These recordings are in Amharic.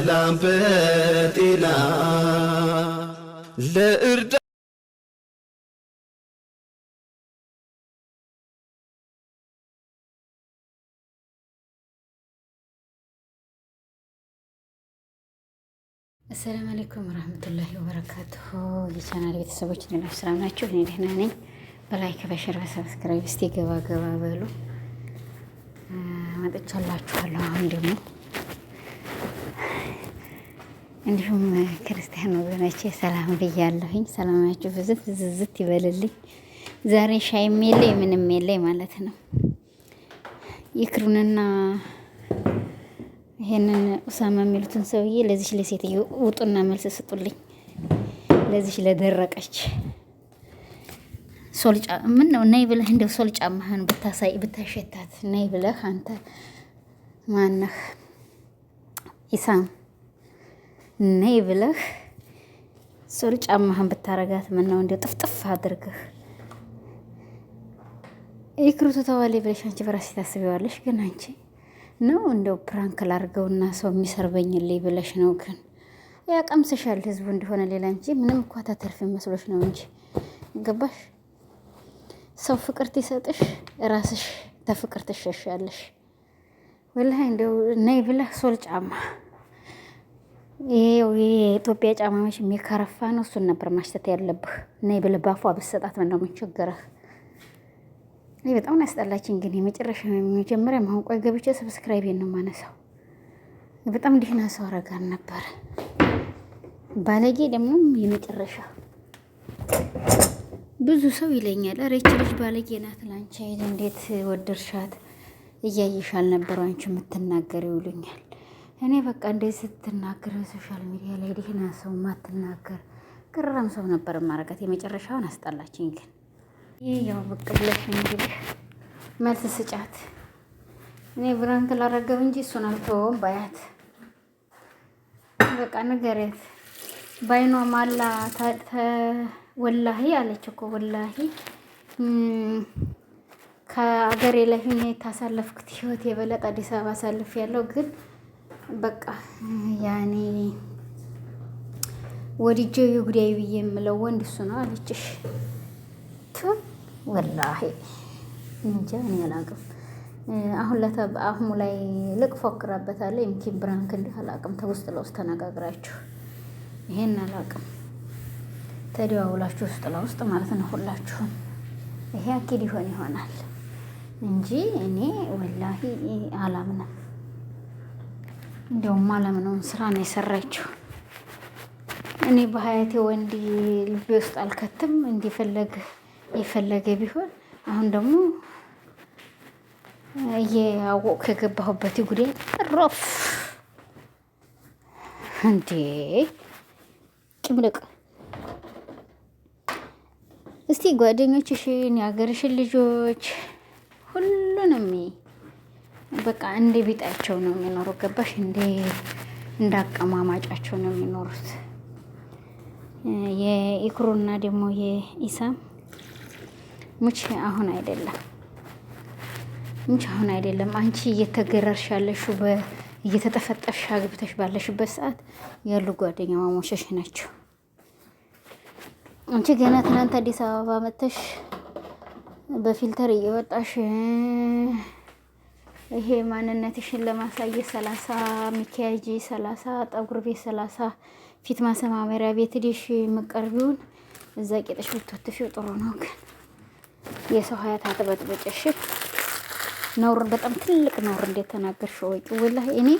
በሰላም በጤና ለእርዳ አሰላም አለይኩም ወራህመቱላሂ ወበረካቱሁ። የቻናል ቤተሰቦች ሌላ ስራ ናችሁ። እኔ ደህና ነኝ። በላይክ በሸር በሰብስክራይብ እስቲ ገባ ገባ በሉ መጥቻላችኋለሁ። አሁን ደግሞ እንዲሁም ክርስቲያን ወገኖቼ ሰላም ብያለሁኝ። ሰላማችሁ ብዝት ዝዝት ይበልልኝ። ዛሬ ሻይም የለኝ ምንም የለኝ ማለት ነው። ይክሩንና ይሄንን ኡሳማ የሚሉትን ሰውዬ ለዚች ለሴትዮ ውጡና መልስ ስጡልኝ። ለዚች ለደረቀች ሶልጫ ምን ነው ነይ ብለህ እንደው ሶልጫ መሀን ብታሳይ ብታሸታት ነይ ብለህ አንተ ማነህ ኢሳም ነይ ብለህ ሶሪ ጫማህን ብታረጋት ምነው እንዲያው ጥፍጥፍ አድርገህ ይክሩቱ ተዋለ ብለሽ አንቺ በራስሽ ታስቢዋለሽ። ግን አንቺ ነው እንደው ፕራንክ ላርገውና ሰው የሚሰርበኝልኝ ብለሽ ነው። ግን ያቀምስሻል ህዝቡ እንደሆነ ሌላ እንጂ ምንም እኳ ታተርፊ መስሎች ነው እንጂ ገባሽ። ሰው ፍቅር ትሰጥሽ፣ ራስሽ ተፍቅር ትሸሻለሽ። ወላሂ እንደው ነይ ብለህ ሶል ጫማ ይሄ የኢትዮጵያ ጫማዎች የሚከረፋ ነው። እሱን ነበር ማሽተት ያለብህ። ነይ ብለህ ባፏ ብትሰጣት ምን ነው የምንቸገረህ? ይሄ በጣም ያስጠላችን። ግን የመጨረሻ የመጀመሪያ አሁን ቆይ ገብቼ ሰብስክራይብ ነው ማነሳው። በጣም ደህና ሰው አረጋን ነበር። ባለጌ ደግሞ የመጨረሻ ብዙ ሰው ይለኛል። ሬች ልጅ ባለጌ ናት። ላንቺ አይደል እንዴት ወደርሻት እያየሽ አልነበረው አንቺ የምትናገር ይውሉኛል እኔ በቃ እንደ ስትናገር ሶሻል ሚዲያ ላይ ደህና ሰው ማትናገር ግርም ሰው ነበር ማረጋት። የመጨረሻውን አስጠላችኝ። ግን ይህ ያው ብቅ ብለሽ እንግዲህ መልስ ስጫት። እኔ ብራንክ ላረገብ እንጂ እሱን አልተወውም ባያት በቃ ንገሬት ባይኗ ማላ ወላሂ አለች እኮ ወላሂ ከአገሬ ላይ ሁኜ ታሳለፍኩት ህይወት የበለጠ አዲስ አበባ አሳልፍ ያለው ግን በቃ ያኔ ወድጄው ይጉዳይ ብዬ የምለው ወንድ እሱ ነው አለችሽ። ቱ ወላሂ እንጃ እኔ አላውቅም። አሁን ለተብ አህሙ ላይ ልቅ ፎክራበታለ የምኪን ብራንክ እንዲህ አላውቅም። ተውስጥ ለውስጥ ተነጋግራችሁ ይሄን አላውቅም። ተደዋውላችሁ ውስጥ ለውስጥ ማለት ነው ሁላችሁም። ይሄ አኪድ ይሆን ይሆናል እንጂ እኔ ወላሂ አላምንም። እንደውም አለምነውን ስራ ነው የሰራችው። እኔ በሀያቴ ወንድ ልቤ ውስጥ አልከትም እንዲፈለግ የፈለገ ቢሆን አሁን ደግሞ እያወቅ ከገባሁበት ጉዳይ ሮፍ እንዴ ጭምልቅ እስቲ ጓደኞችሽን የሀገርሽን ልጆች ሁሉንም በቃ እንደ ቢጣቸው ነው የሚኖሩ ገባሽ? እንደ እንዳቀማማጫቸው ነው የሚኖሩት። የኢክሩና ደግሞ የኢሳም ሙች አሁን አይደለም ሙች አሁን አይደለም። አንቺ እየተገረርሽ ያለሽ እየተጠፈጠፍሽ አግብተሽ ባለሽበት ሰዓት ያሉ ጓደኛ ማሞሸሽ ናቸው። አንቺ ገና ትናንት አዲስ አበባ መጥተሽ በፊልተር እየወጣሽ ይሄ ማንነትሽን ለማሳየት ሰላሳ ሚኪያጅ ሰላሳ ጠጉር ቤት ሰላሳ ፊት ማሰማመሪያ ቤት ዲሽ የምቀርቢውን እዛ ቄጥሽ ብትወትፊው ጥሩ ነው። ግን የሰው ሀያት አጥበጥበጭሽ ነውር፣ በጣም ትልቅ ነውር እንዴት ተናገርሽ? ወቂ። ወላሂ እኔ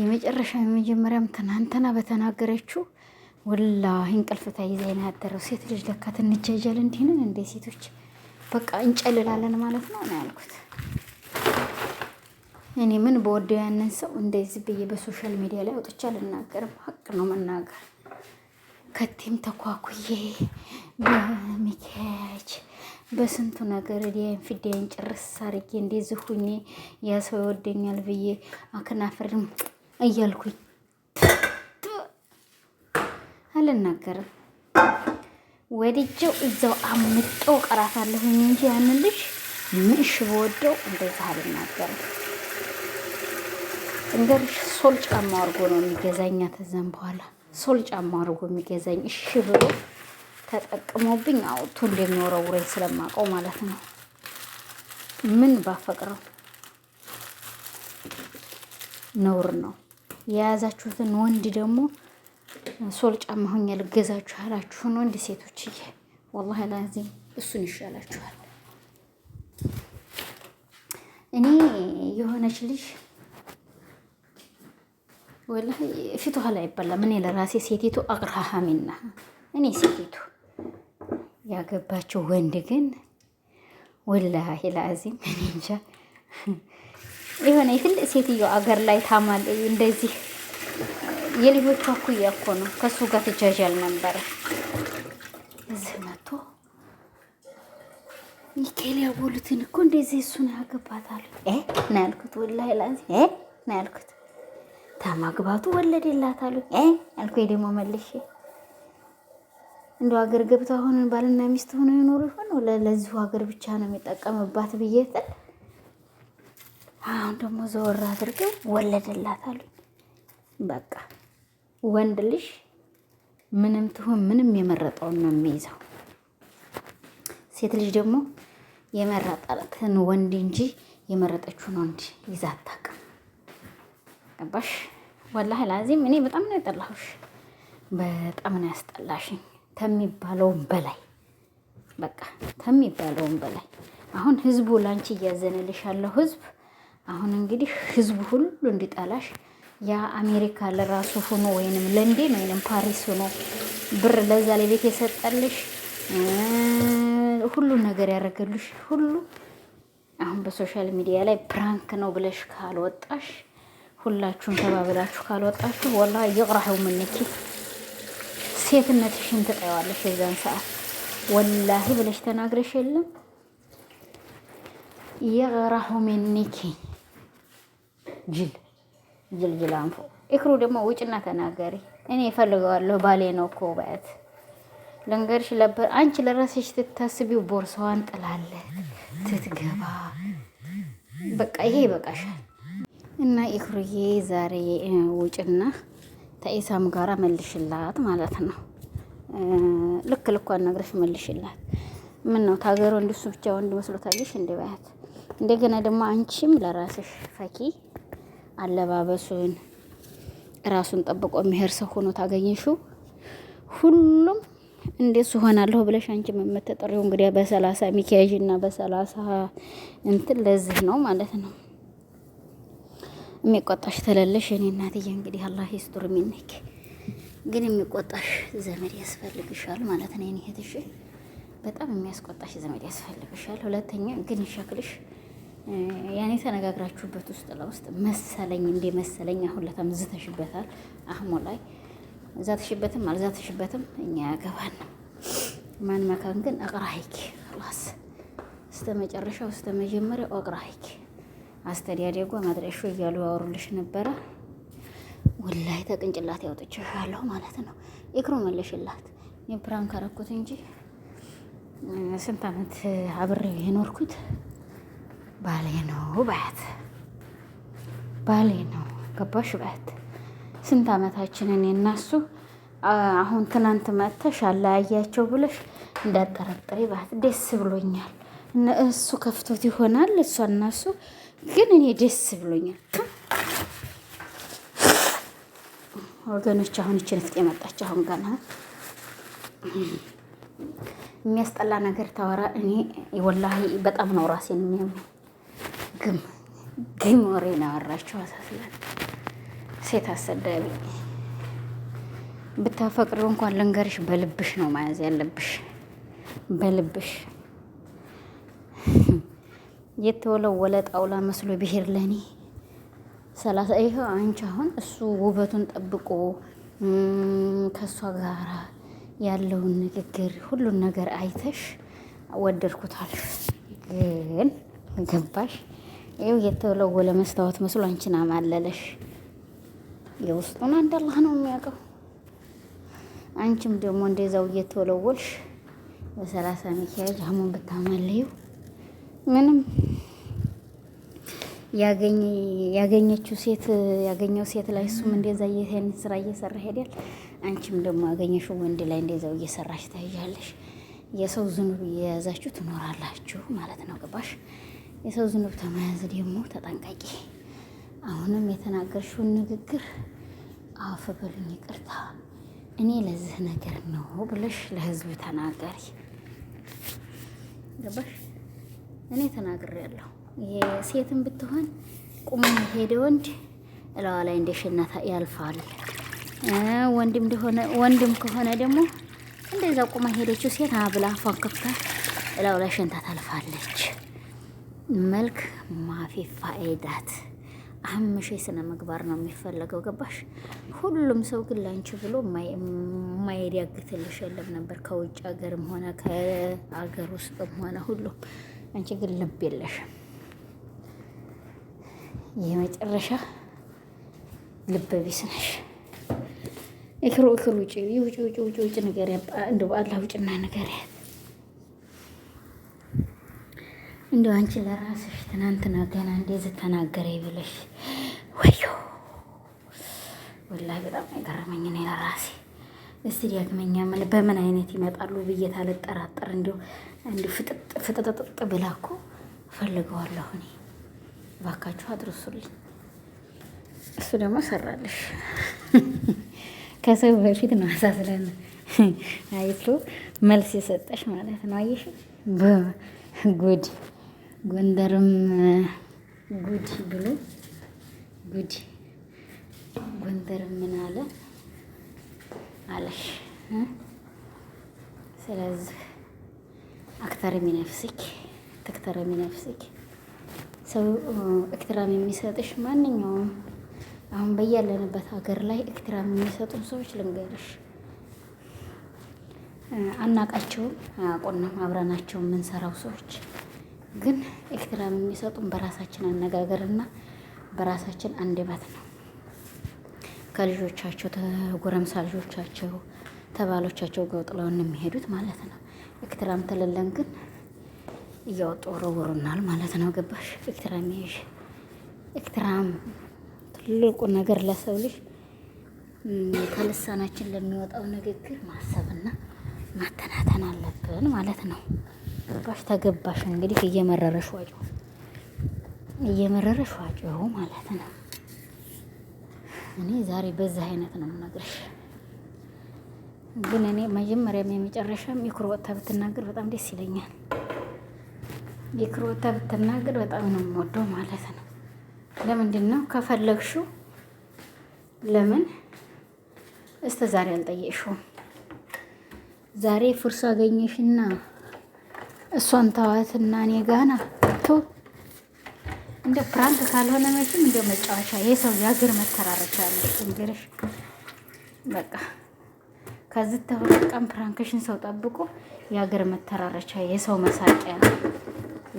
የመጨረሻ የመጀመሪያም ትናንትና በተናገረችው ወላሂ እንቅልፍ ተይዘኝ ነው ያደረው። ሴት ልጅ ለካ ትንጃጃል እንዲህንን እንደ ሴቶች በቃ እንጨልላለን ማለት ነው ነው ያልኩት። እኔ ምን በወደው ያንን ሰው እንደዚህ ብዬ በሶሻል ሚዲያ ላይ አውጥቼ አልናገርም። ሀቅ ነው መናገር። ከቴም ተኳኩዬ በሚኪያጅ በስንቱ ነገር ዲያን ፊዲያን ጭርስ አርጌ እንደዚህ ሁኜ ያ ሰው ይወደኛል ብዬ አክናፍርም እያልኩኝ አልናገርም። ወድጀው እዛው አምጠው ቀራታለሁኝ እንጂ ያንን ልጅ ምንሽ በወደው እንደዛ አልናገርም። እንገርሽ ሶል ጫማ አድርጎ ነው የሚገዛኝ። ተዘን በኋላ ሶል ጫማ አድርጎ የሚገዛኝ እሺ ብሎ ተጠቅሞብኝ አውቶ እንደሚወረውረኝ ስለማውቀው ማለት ነው። ምን ባፈቅረው ነውር ነው። የያዛችሁትን ወንድ ደግሞ ሶል ጫማ ሆኜ ልገዛችሁ ያላችሁን ወንድ ሴቶችዬ፣ ወላሂ ላዚም እሱን ይሻላችኋል። እኔ የሆነች ልጅ ወላ ፊቱ ኋላ አይበላም። እኔ ለራሴ ሴቲቱ አቅርሃሃሚና እኔ ሴቲቱ ያገባቸው ወንድ ግን ወላሂ ለአዚም እኔ እንጃ የሆነ የትልቅ ሴትዮ አገር ላይ ታማል እንደዚህ የልጆቿ እኩያ እኮ ነው። ከእሱ ጋር ትጃዣል ነበረ እዚህ መጥቶ ሚካኤል ያቦሉትን እኮ እንደዚህ እሱን ያገባታል ና ያልኩት ወላሂ ለአዚም ና ያልኩት ተማግባቱ ወለድ የላት አሉ አልኩ ደግሞ መልሼ እንደው ሀገር ገብታ አሁንን ባልና ሚስት ሆነው ይኖሩ ይሆን ለዚሁ ሀገር ብቻ ነው የሚጠቀምባት ብዬ አሁን ደግሞ ዘወር አድርገው ወለደላት አሉ። በቃ ወንድ ልጅ ምንም ትሁን ምንም የመረጠውን ነው የሚይዘው። ሴት ልጅ ደግሞ የመረጣትን ወንድ እንጂ የመረጠችውን ወንድ ይዛ አታውቅም። ገባሽ? ወላሂ ላዚም እኔ በጣም ነው የጠላሁሽ፣ በጣም ነው ያስጠላሽኝ ከሚባለውም በላይ በቃ ከሚባለውም በላይ አሁን ህዝቡ ላንቺ እያዘነልሽ ያለው ህዝብ አሁን እንግዲህ ህዝቡ ሁሉ እንዲጠላሽ ያ አሜሪካ ለራሱ ሆኖ ወይንም ለንደን ወይንም ፓሪስ ሆኖ ብር ለዛ ለቤት የሰጠልሽ ሁሉ ነገር ያደረገልሽ ሁሉ አሁን በሶሻል ሚዲያ ላይ ፕራንክ ነው ብለሽ ካልወጣሽ ሁላችሁም ተባብላችሁ ካልወጣችሁ ወላ ይቅራኸው ምንኪ ሴትነትሽን ትጠይዋለሽ። የዛን ሰዓት ወላሂ ብለሽ ተናግረሽ የለም ይቅራሁ ምንኪ ጅል ጅል አንፎ እክሩ ደግሞ ውጭና ተናገሪ። እኔ እፈልገዋለሁ ባሌ ነው እኮ በያት ልንገርሽ ለበር አንቺ ለራስሽ ትታስቢው ቦርሳዋን ጥላለ ትትገባ በቃ ይሄ ይበቃሻል። እና ኢክሩዬ ዛሬ ውጭና ተኢሳም ጋራ መልሽላት ማለት ነው። ልክ ልኳን ነግረሽ መልሽላት። ምን ነው ታገሩ እንድሱ ብቻ ወንድ መስሎታለሽ? እንዲባያት እንደገና ደግሞ አንቺም ለራስሽ ፈኪ አለባበሱን ራሱን ጠብቆ የሚሄድ ሰው ሆኖ ታገኝሹ ሁሉም እንደሱ ሆናለሁ ብለሽ አንቺም የምትጠሪው እንግዲያ በሰላሳ ሚኪያዥ እና በሰላሳ እንትን ለዚህ ነው ማለት ነው። የሚቆጣሽ ተለለሽ እኔ እናትዬ እንግዲህ አላህ ይስጥር የሚነክ ግን የሚቆጣሽ ዘመድ ያስፈልግሻል ማለት ነው። እኔ እህትሽ በጣም የሚያስቆጣሽ ዘመድ ያስፈልግሻል። ሁለተኛ ግን ይሻክልሽ ያኔ ተነጋግራችሁበት ውስጥ ለውስጥ መሰለኝ እንደ መሰለኝ አሁን ለታም ዝተሽበታል አህሙ ላይ ዛትሽበትም አልዛትሽበትም እኛ ያገባን ማን መካን ግን አቅራሂክ ላስ እስተ መጨረሻው እስተ መጀመሪያው አቅራሂክ አስተዳደጓ ማድረሹ እያሉ ያወሩልሽ ነበረ። ወላይ ተቅንጭላት ያውጥችሻለሁ ማለት ነው። ኢክሮ መለሽላት። የፕራንክ አረኩት እንጂ ስንት አመት አብሬ የኖርኩት ባሌ ነው ባት ባሌ ነው ገባሽ ባት ስንት ዓመታችንን የናሱ አሁን ትናንት መጥተሽ አለያያቸው ብለሽ እንዳጠረጥሬ ባት ደስ ብሎኛል። እሱ ከፍቶት ይሆናል እሷ እናሱ ግን እኔ ደስ ብሎኛል ወገኖች። አሁን ይችን ፍጥ የመጣች አሁን ገና የሚያስጠላ ነገር ታወራ። እኔ ወላ በጣም ነው ራሴን የሚያመኝ። ግም ግም ወሬ ነው ያወራችሁ። አሳስላል ሴት አሰዳቢ ብታፈቅሪው እንኳን ልንገርሽ፣ በልብሽ ነው መያዝ ያለብሽ፣ በልብሽ የተወለወለ ጣውላ መስሎ ብሄር ለኔ ሰላሳ ይህ አንቺ አሁን እሱ ውበቱን ጠብቆ ከእሷ ጋራ ያለውን ንግግር ሁሉን ነገር አይተሽ ወደድኩታል። ግን ገባሽ? ይኸው የተወለወለ መስታወት መስሎ አንቺን አማለለሽ። የውስጡን አንድ አላህ ነው የሚያውቀው። አንቺም ደግሞ እንደዛው እየተወለወልሽ በሰላሳ ሚኪያጅ አሁን ብታማለየው ምንም ያገኘችው ሴት ያገኘው ሴት ላይ እሱም እንደዛ ይሄን ስራ እየሰራ ሄዳል። አንቺም ደግሞ ያገኘሽው ወንድ ላይ እንደዛው እየሰራሽ ታያለሽ። የሰው ዝኑብ እየያዛችሁ ትኖራላችሁ ማለት ነው። ግባሽ የሰው ዝኑብ ተመያዝ ደግሞ ተጠንቃቂ። አሁንም የተናገርሽውን ንግግር አፍ በሉኝ ይቅርታ፣ እኔ ለዚህ ነገር ነው ብለሽ ለህዝብ ተናገሪ። ገባሽ? እኔ ተናግሬያለሁ። የሴትም ብትሆን ቁሞ ሄደ ወንድ እለዋ ላይ እንደ ያልፋል። ወንድም ደሆነ ወንድም ከሆነ ደግሞ እንደዛ ቁማ ሄደችው ሴት አብላ ፏክፍታ እላው ላይ ሸንታ ታልፋለች። መልክ ማፊ ፋይዳት አምሽ የስነ ምግባር ነው የሚፈለገው። ገባሽ? ሁሉም ሰው ግን ላንቺ ብሎ ማይድ የለም ነበር። ከውጭ ሀገርም ሆነ ከአገር ውስጥም ሆነ ሁሉም አንቺ ግን ልብ የለሽም። የመጨረሻ ልብ ቢስ ነሽ። እክሩ እክሩ ውጭ ውጭ ውጭ ውጭ ውጭ ነገር እንደ በአላ ውጭና ነገር ያት እንደ አንቺ ለራስሽ ትናንትና ገና እንደዚህ ተናገረ ይብለሽ ወዮ ወላሂ በጣም አይገረመኝ ነው ለራሴ እስቲ ዳግመኛ ምን በምን አይነት ይመጣሉ ብዬ ታልጠራጠር እንዲሁ እንዲሁ ፍጥጥጥ ብላ እኮ ፈልገዋለሁ እኔ። እባካችሁ አድርሱልኝ። እሱ ደግሞ ሰራልሽ። ከሰው በፊት ነው አሳስለን አይቶ መልስ የሰጠሽ ማለት ነው። አየሽ ጉድ ጎንደርም ጉድ ብሎ ጉድ ጎንደርም ምን አለ አለሽ። ስለዚህ አክተር የሚነፍስክ ተክተር የሚነፍስክ ሰው እክትራም የሚሰጥሽ ማንኛውም አሁን በያለንበት ሀገር ላይ እክትራም የሚሰጡን ሰዎች ልንገርሽ፣ አናቃቸውም፣ አያውቁንም። አብረናቸው የምንሰራው ሰዎች ግን እክትራም የሚሰጡን በራሳችን አነጋገርና በራሳችን አንደበት ነው። ከልጆቻቸው ተጎረምሳ ልጆቻቸው ተባሎቻቸው ገውጥለውን የሚሄዱት ማለት ነው። ኤክትራም ተለለን ግን እያወጡ ወረወሩናል ማለት ነው። ገባሽ? ኤክትራም ይሽ ኤክትራም ትልቁ ነገር ለሰው ልጅ ከልሳናችን ለሚወጣው ንግግር ማሰብና ማተናተን አለብን ማለት ነው። ገባሽ? ተገባሽ? እንግዲህ እየመረረሽ ዋጭው እየመረረሽ ዋጭው ማለት ነው። እኔ ዛሬ በዛ አይነት ነው የምነግርሽ። ግን እኔ መጀመሪያም የመጨረሻም የክሮ ወጥታ ብትናገር በጣም ደስ ይለኛል። የክሮ ወጥታ ብትናገር በጣም ነው የምወደው ማለት ነው። ለምንድን ነው ከፈለግሽው ለምን እስከ ዛሬ አልጠየቅሽውም? ዛሬ ፍርሱ አገኘሽና እሷን ተዋትና እኔ ጋና ቶ እንደ ፕራንክ ካልሆነ መቼም እንደ መጫወቻ የሰው የሀገር መተራረቻ ነሽ። እንግዲህ በቃ ከዚህ ተሁለት ፕራንክሽን ሰው ጠብቆ የሀገር መተራረቻ የሰው መሳቂያ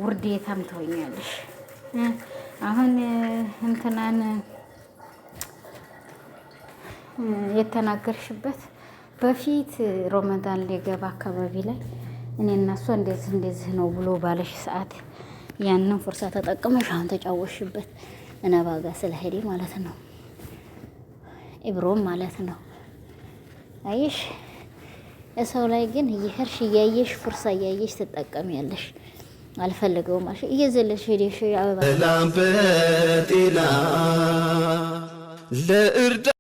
ውርዴታም ትሆኛለሽ። አሁን እንትናን የተናገርሽበት በፊት ሮመዳን ሊገባ አካባቢ ላይ እኔ እና እሷ እንደዚህ እንደዚህ ነው ብሎ ባለሽ ሰዓት ያንን ፍርሳ ተጠቅመሽ አሁን ተጫወሽበት እነባጋ ስለሄዴ ማለት ነው ኢብሮም ማለት ነው አይሽ ሰው ላይ ግን እየሄድሽ እያየሽ ፍርሳ እያየሽ ትጠቀሚያለሽ። አልፈልገውም አልሽ እየዘለሽ ሄደሽ አበባ